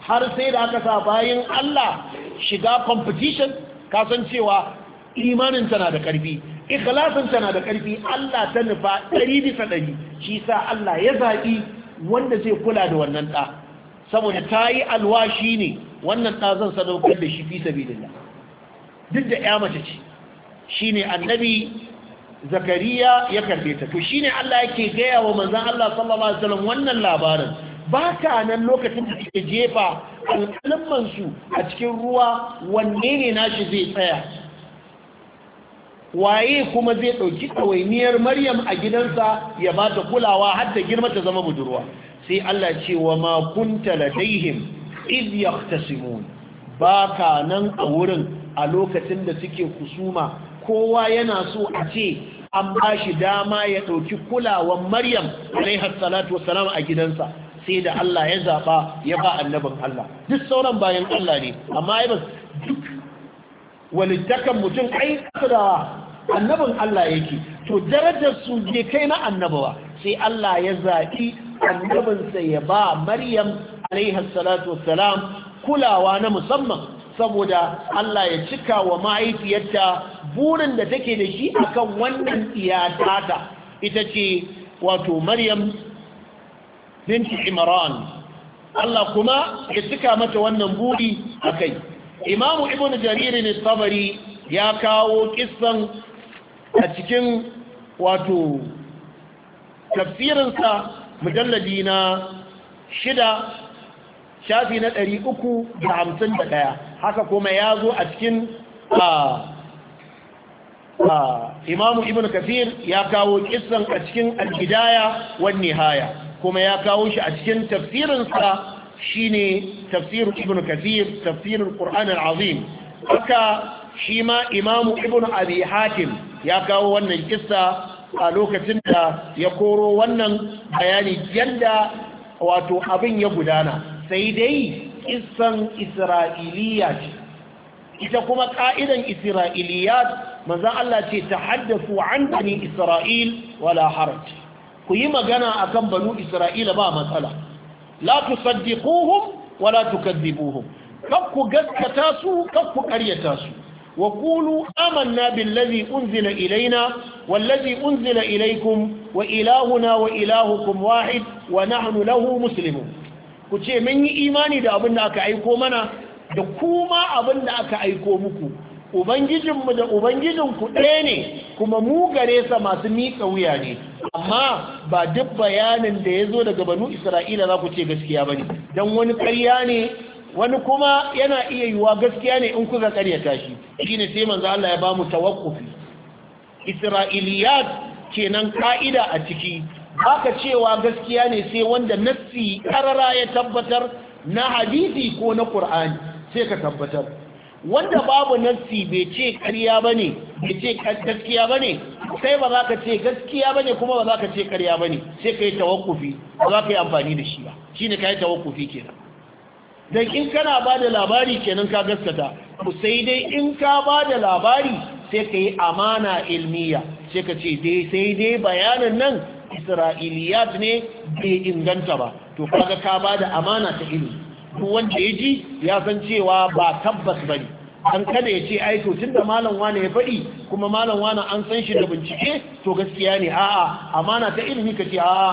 har sai da aka sa bayan Allah shiga competition kasancewa imanin tana da karfi ikhlasin tana da ƙarfi Allah ta nufa ɗari bisa ɗari shi sa Allah ya zaɓi wanda zai kula da wannan ɗa saboda ta yi alwashi ne wannan ɗa zan sadaukar da shi fi sabilillah duk da ya mace ce shine annabi zakariya ya karbe ta to shine Allah yake gaya wa manzon Allah sallallahu alaihi wasallam wannan labarin ba ka nan lokacin da suke jefa alƙalmansu a cikin ruwa wanne ne nashi zai tsaya waye kuma zai ɗauki ɗawainiyar maryam a gidansa ya ba ta kulawa har ta girma ta zama budurwa sai Allah ce wa ma kunta ladaihim iz ba baka nan a wurin a lokacin da suke kusuma kowa yana so a ce an ba shi dama ya ɗauki kulawan maryam alaihi salatu wassalam a gidansa sai da Allah ya zaba ya ba annabin Allah duk sauran bayan Allah ne amma ai ba duk walittakan mutum ai da annabin Allah yake to darajar su je kai na annabawa sai Allah ya zaki annabinsa ya ba Maryam alaihi salatu wassalam kulawa na musamman saboda Allah ya cika wa mahaifiyarta burin da take da shi akan wannan iyatata ita ce wato Maryam binti Imran Allah kuma ya cika mata wannan buri akai Imam Ibn Jarir ne tabari ya kawo kissan a cikin wato tafsirinsa mujalladi na shida shafi na ɗari uku da hamsin da ɗaya haka kuma ya zo a cikin imamu ibn kafir ya kawo kisan a cikin algidaya wani haya kuma ya kawo shi a cikin tafsirinsa shine tafsir ibn kafir tafsirin ƙur'an al'azim haka shi ma imamu ibn abi hakim ya kawo wannan kissa a lokacin da ya koro wannan bayani yadda wato abin ya gudana sai dai kissan isra'iliya ce ita kuma ka'idan isra'iliyat manzan Allah ce ta haddasu an bani isra'il wala haraj ku yi magana akan banu isra'ila ba matsala la tusaddiquhum wala tukadhibuhum kakku gaskata su kakku karyata su وقولوا آمنا بالذي أنزل إلينا والذي أنزل إليكم وإلهنا وإلهكم واحد ونحن له مسلمون كتشي مني إيماني دا أبن أكا أيكو منا دا كوما أبن أكا أيكو مكو Ubangijinmu da Ubangijin ku ɗaya ne kuma mu gare sa masu miƙa wuya ne, amma ba duk bayanin da ya zo daga banu Isra'ila za ku ce gaskiya ba ne, don wani ƙarya ne wani kuma yana iya yiwa gaskiya ne in kuka karyata shi shine sai manzo Allah ya bamu tawakkufi. isra'iliyat kenan ka'ida a ciki baka cewa gaskiya ne sai wanda nassi karara ya tabbatar na hadisi ko na qur'ani sai ka tabbatar wanda babu nassi bai ce karya bane bai ce gaskiya bane sai ba za ka ce gaskiya bane kuma ba za ka ce ƙarya bane sai ka tawakkufi ba za ka yi amfani da shi ba shine ka yi tawakkufi kenan dan in kana ba da labari kenan ka gaskata sai dai in ka ba da labari sai ka yi amana ilmiya sai ka ce dai sai dai bayanin nan isra'iliyat ne bai inganta ba to kaga ka ba da amana ta ilmi duk wanda ya ji ya san cewa ba tabbas ba ne an kada ya ce aiko tun da malam wane ya faɗi kuma malam wane an san shi da bincike to gaskiya ne a'a amana ta ilimi ka ce a'a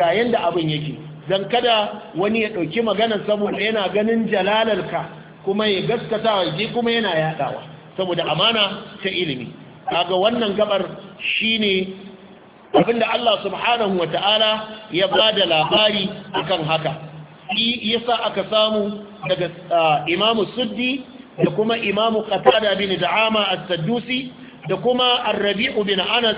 ga yanda abin yake don kada wani ya ɗauki maganar saboda yana ganin jalalarka kuma ya gaskata ya kuma yana yaɗawa saboda amana ta ilimi kaga wannan gabar shine abinda Allah subhanahu wata'ala ya bada labari akan haka yasa aka samu daga Imam Suddi da kuma Imam Qatada bin Da'ama as-Saddusi da kuma Ar-Rabi' bin Anas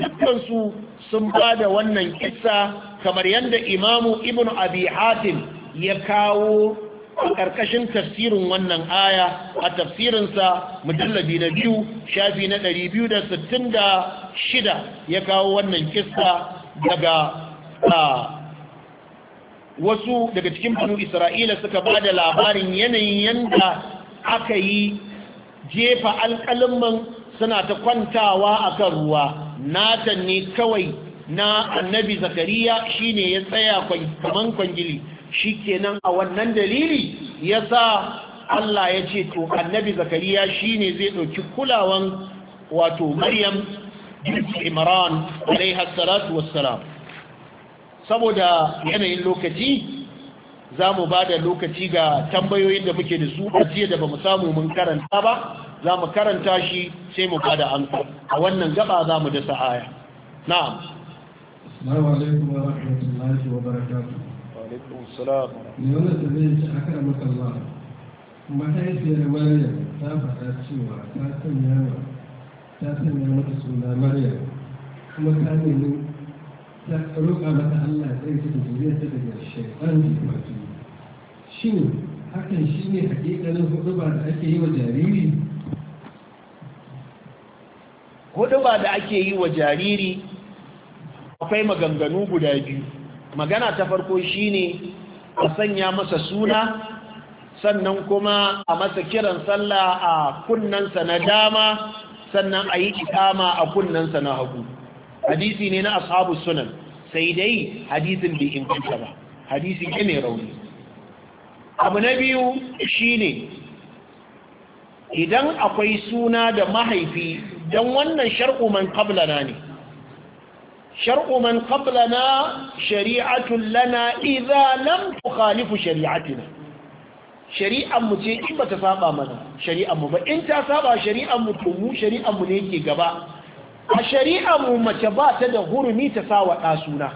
dukkan su sun bada wannan kissa kamar yadda imamu ibn abi hatim ya kawo a ƙarƙashin tafsirin wannan aya a tafsirinsa mujallabi na biyu shafi na ɗari biyu da sittin da shida ya kawo wannan kista daga wasu daga cikin banu isra'ila suka ba da labarin yanayin yanda aka yi jefa alƙalimman suna ta kwantawa a kan ruwa natan ne kawai na annabi zakariya shine ya tsaya kaman kwangili shi kenan a wannan dalili ya sa Allah ya ce to annabi zakariya shine zai ɗauki kulawan wato maryam imran alaiha salatu wassalam saboda yanayin lokaci za mu ba da lokaci ga tambayoyin da muke da su a jiya da ba mu samu mun karanta ba za mu karanta shi sai mu ba da an a wannan gaba za mu dasa aya na'am Assalamu alaikum wa rahmatullahi wa barakatuh. Wa alaikum salam. Ne wannan da zai ci aka da matsala. Mahaifiyar Maryam ta faɗa cewa ta sanya ta sanya mata suna Maryam kuma ta nemi ta roƙa mata Allah zai ci da zuriyarta daga shaitan da Shin hakan shine ba da ake yi wa jariri? ba da ake yi wa jariri akwai maganganu guda biyu magana ta farko shine a sanya masa suna sannan kuma a masa kiran sallah a kunnansa na dama sannan a yi ikama a kunnansa na hagu hadisi ne na ashabu sunan sai dai hadisin bai inganta ba hadisi ne mai rauni abu na biyu shine idan akwai suna da mahaifi dan wannan shar'u man kablana ne شرع من قبلنا شريعة لنا إذا لم تخالف شريعتنا شريعة متي إن بتسابع منا شريعة مبا إن تسابع شريعة متمو شريعة منيكي قبا الشريعة ممتبا تدهرمي تساوى آسونا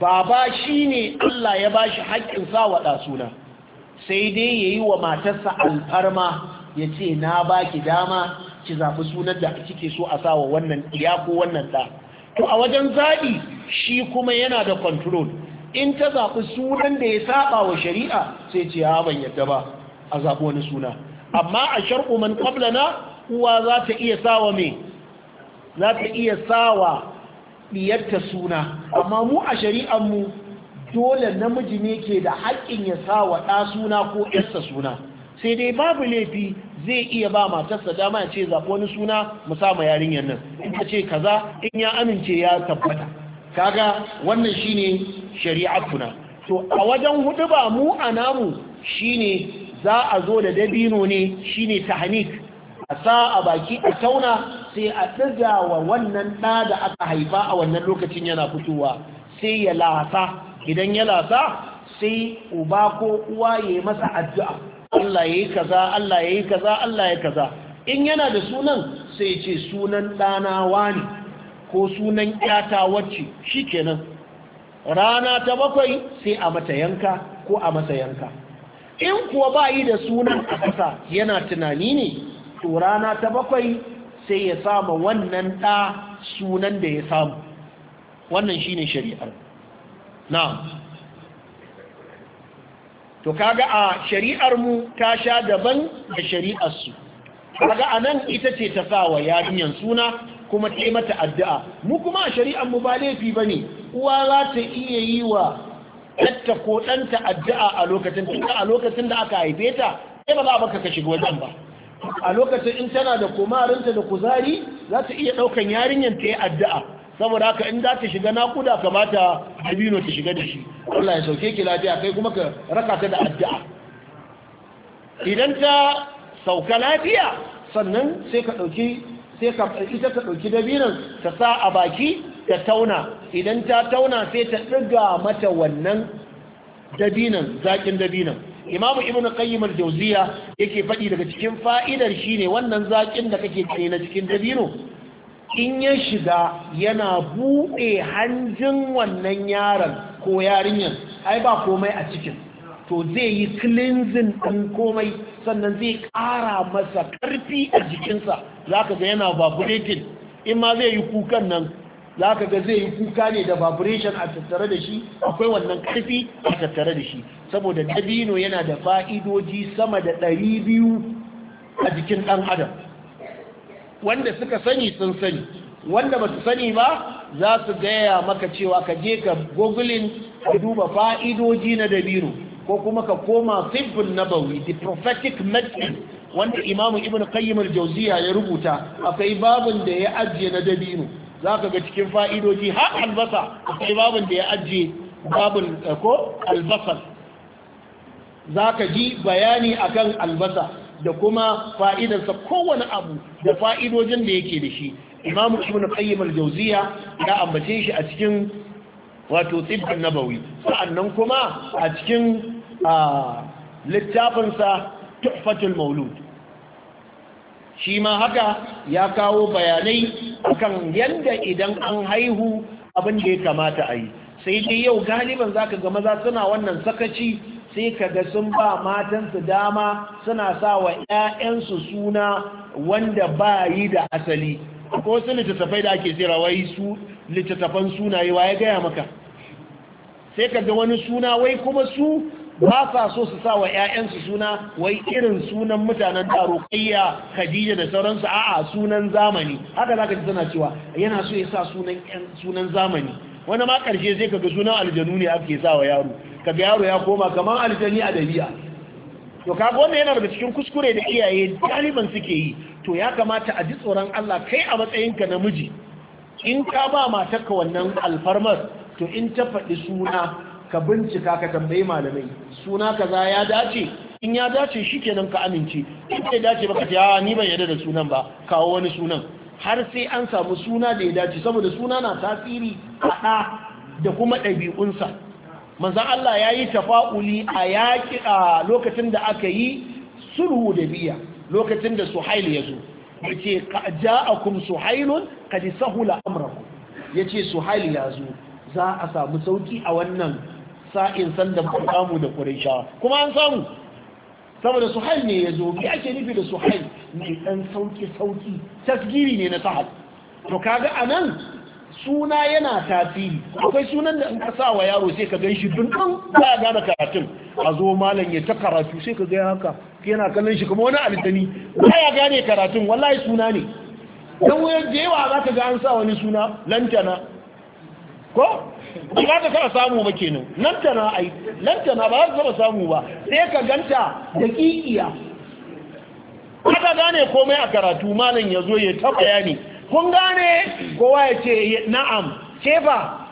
بابا شيني الله يباش حق تساوى آسونا سيدي ييوى ما تسع الفرما يتي ناباك داما ki zaɓi sunan da kike so a sawa wannan iya ko wannan ɗa to a wajen zaɓi shi kuma yana da kontrol in ta zaɓi sunan da ya saɓa wa shari'a sai ce ya ah, ban yadda ba a zaɓi wani suna amma a shar'u man na, uwa za ta iya sawa me za ta iya sawa ɗiyarta suna amma mu a shari'ar mu dole namiji ne ke da haƙƙin ya sawa ɗa suna ko ƴarsa suna sai dai babu laifi zai iya ba matarsa dama ya ce zaɓi wani suna mu yarinyar nan in ka ce kaza in ya amince ya tabbata kaga wannan shine kuna to a wajen hudu ba mu a namu shine za a zo da dabino ne shine tahnik a sa a baki a tauna sai a ɗiga wa wannan ɗa da aka haifa a wannan lokacin yana fitowa sai ya lasa idan ya lasa sai uba ko uwa ya yi masa addu'a Allah ya yi kaza Allah ya yi kaza Allah ya kaza in yana da sunan sai ce sunan ɗana wani ko sunan ƙyata wacce shi kenan rana ta bakwai sai a mata yanka ko a masa yanka in kuwa ba yi da sunan a ƙasa yana tunani ne to rana ta bakwai sai ya samu wannan ɗa sunan da ya samu wannan shi ne shari'ar na'am to kaga a shari'ar mu ta sha daban da shari'ar su kaga anan ita ce ta sawa yarinyan suna kuma ta mata addu'a mu kuma a shari'ar mu ba laifi bane uwa za ta iya yi wa ɗanta ko ɗanta addu'a a lokacin tunda a lokacin da aka haife ta sai ba za a baka ka shiga wajen ba a lokacin in tana da komarinta da kuzari za ta iya ɗaukan yarinyar ta yi addu'a saboda haka in za ta shiga naƙuda kamata dabino ta shiga da shi Allah ya sauke ki lafiya kai kuma ka raka ta da addu'a idan ta sauka lafiya sannan sai ka ɗauki sai ka ita ta dabinon ta sa a baki ta tauna idan ta tauna sai ta ɗiga mata wannan dabinon zaƙin dabinon imamu ibn qayyim al-jawziya yake faɗi daga cikin fa'idar shine wannan zaƙin da kake gani na cikin dabino in ya shiga yana buɗe hanjin wannan yaron ko yarinyar ai ba komai a cikin to zai yi cleansing ɗin komai sannan zai ƙara masa ƙarfi a jikinsa za ka ga yana vibrating in ma zai yi kukan nan za ka ga zai yi kuka ne da vibration a tattare da shi akwai wannan ƙarfi a tattare da shi saboda dabino yana da fa'idoji sama da ɗari biyu a jikin ɗan adam wanda suka sani sun sani wanda ba su sani ba za su gaya maka cewa ka je ka gogulin ka duba fa'idoji na dabiru ko kuma ka koma sibbin nabawi the prophetic medicine wanda imamu ibn qayyim Jauziya ya rubuta akwai babin da ya ajiye na dabiru za ka ga cikin fa'idoji ha albasa akwai babin da ya ajiye babin eh, ko albasar za ka ji bayani akan albasa da kuma fa'idansa kowane abu da fa'idojin da yake da shi imamu ibn qayyim al-jawziya ya ambace shi a cikin wato na nabawi sa'annan kuma a cikin littafinsa tuhfatul maulud shi ma haka ya kawo bayanai kan yadda idan an haihu abin da ya kamata a yi sai dai yau galiban zaka ga maza suna wannan sakaci sai kaga sun ba matansu dama suna sa wa 'ya'yansu suna wanda ba yi da asali ko su littattafai da ake tsira wai su littattafan yi wa ya gaya maka sai kaga wani suna wai kuma su ba sa so su sa wa 'ya'yansu suna wai irin sunan mutanen da khadija da sauransu a'a sunan zamani haka za ka ji suna cewa yana so ya sa sunan zamani wani ma karshe zai kaga sunan aljanu ne ake sa wa yaro kaga yaro ya koma kamar aljani a dabi'a to kaga wannan yana daga cikin kuskure da iyaye galiban suke yi to ya kamata a ji tsoron Allah kai a matsayinka namiji in ka ba ka wannan alfarmar to in ta faɗi suna ka bincika ka tambayi malamai suna kaza ya dace in ya dace shikenan ka amince in ya dace baka ce ni ban yarda da sunan ba kawo wani sunan har sai an samu suna da ya dace saboda suna na tasiri a da kuma ɗabi'unsa manzan Allah ya yi tafa'uli a yaƙi a lokacin da aka yi sulhu da biya lokacin da suhail ya zo ya ce kum suhailun kad sahula amrakum ya ce suhail ya zo za a samu sauki a wannan sa'in sandan kamu da ƙurayshawa kuma an samu saboda suhail ne ya zo bi ake nufi da suhail mai dan sauki sauki tasgiri ne na sahal to kaga anan suna yana tasiri akwai sunan da in ka sa wa yaro sai ka gan shi dundun ba gane karatun a zo malam ya ta karatu sai ka ga haka yana kallon shi kuma wani alitani ba ya gane karatun wallahi suna ne dan wayar da yawa za ka ga an sa wani suna lantana ko kuma da ta samu ba kenan nan ta na ai nan ta na ba za ka samu ba sai ka ganta da kikiya aka gane komai a karatu malam ya zo ya ta bayani kun gane kowa ya ce eh, na'am ce ba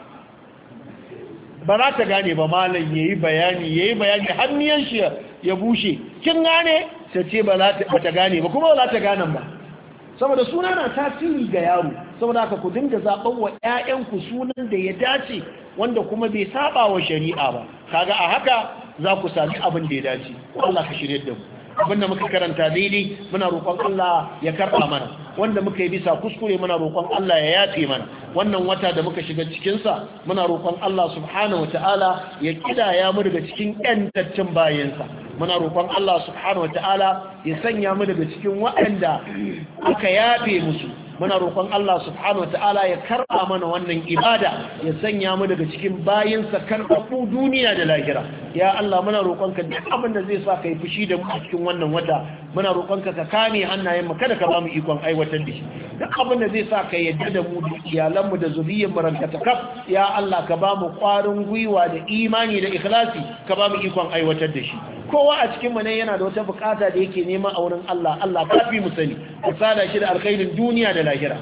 ba za ta gane ba malam ya yi bayani ya yi bayani hanniyan shi ya bushe kin gane ta ce ba ta gane ba kuma ba za ta gane ba saboda suna na tasiri ga yaro saboda haka ku dinga zaɓar wa 'ya'yanku sunan da ya dace wanda kuma bai saba wa shari'a ba kaga a haka za ku sami abin da ya dace Allah ka shirye da mu abin da muka karanta daidai muna roƙon Allah ya karɓa mana wanda muka yi bisa kuskure muna roƙon Allah ya yafe mana wannan wata da muka shiga cikinsa muna roƙon Allah subhanahu wa ta'ala ya kidaya mu daga cikin tattun bayansa muna roƙon Allah subhanahu wa ta'ala ya sanya mu daga cikin waɗanda aka yafe musu muna roƙon Allah subhanahu wa ta'ala ya karɓa mana wannan ibada ya sanya mu daga cikin bayinsa karɓaɓɓu duniya da lahira ya Allah muna ka. duk abin da zai sa ka yi fushi da mu a cikin wannan wata muna roƙonka ka ka kame hannayen mu kada ka ba mu ikon aiwatar da shi duk abin da zai sa ka yadda da mu da iyalan mu da zuriyar mu ranka ta kaf ya Allah ka ba mu ƙwarin gwiwa da imani da ikhlasi ka ba mu ikon aiwatar da shi kowa a cikin mu yana da wata bukata da yake nema a wurin Allah Allah kafi mu sani ku sada shi da alkhairin duniya da lahira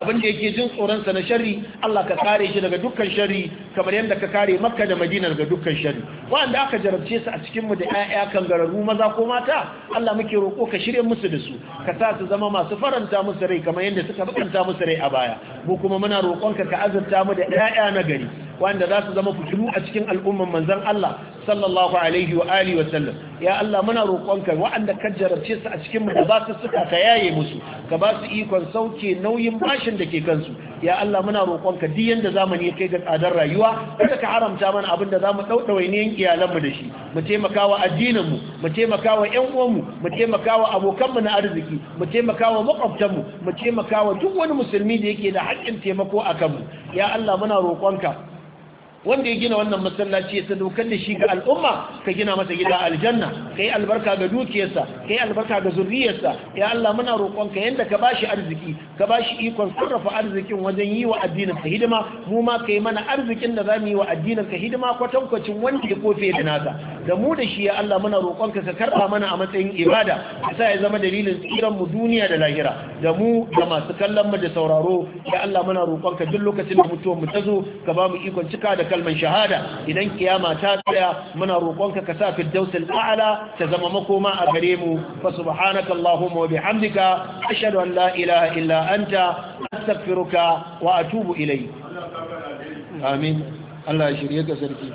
abin da yake jin tsoron sa na sharri Allah ka kare shi daga dukkan sharri kamar yadda ka kare Makka da Madina daga dukkan sharri wanda aka jarabce su a cikin mu da ƴaƴa kangararru maza ko mata Allah muke roƙo ka shirye musu da su ka sa su zama masu faranta musu rai kamar yadda suka faranta musu rai a baya mu kuma muna roƙonka ka azurta mu da 'ya'ya na gari wanda za su zama fitilu a cikin al'umman manzon Allah sallallahu alaihi wa alihi wa ya Allah muna roƙonka waɗanda ka jarabce su a cikin mu da ba su suka ka yaye musu ka ba su ikon sauke nauyin bashin da ke kansu ya Allah muna roƙonka duk yanda zamani ya kai ga tsadar rayuwa kada ka haramta mana abin da zamu daudawa ne mu da shi mu taimakawa addinin mu mu taimakawa yan uwan mu taimakawa abokanmu na arziki mu taimakawa makwabtan mu taimakawa duk wani musulmi da yake da haƙƙin taimako akan mu ya Allah muna roƙonka wanda ya gina wannan masallaci ya sadaukar da shi ga al'umma ka gina masa gida aljanna kai albarka ga dukiyarsa kai albarka ga zurriyarsa ya Allah muna roƙonka yanda ka bashi arziki ka bashi ikon sarrafa arzikin wajen yi wa addinin ka hidima mu ma kai mana arzikin da zamu yi wa addinin ka hidima kwatankwacin wanda ya kofe da naka da mu da shi ya Allah muna roƙonka ka karba mana a matsayin ibada ka sa ya zama dalilin tsiran mu duniya da lahira da mu da masu kallon mu da sauraro ya Allah muna roƙonka duk lokacin da mutuwar mu ta zo ka ba mu ikon cika da kalman shahada idan kiyama ta tsaya muna roƙonka ka sa firdausul a'la ta zama makoma a gare mu fa subhanaka allahumma wa bihamdika ashhadu an la ilaha illa anta astaghfiruka wa atubu ilayk amin Allah shirye ka sarki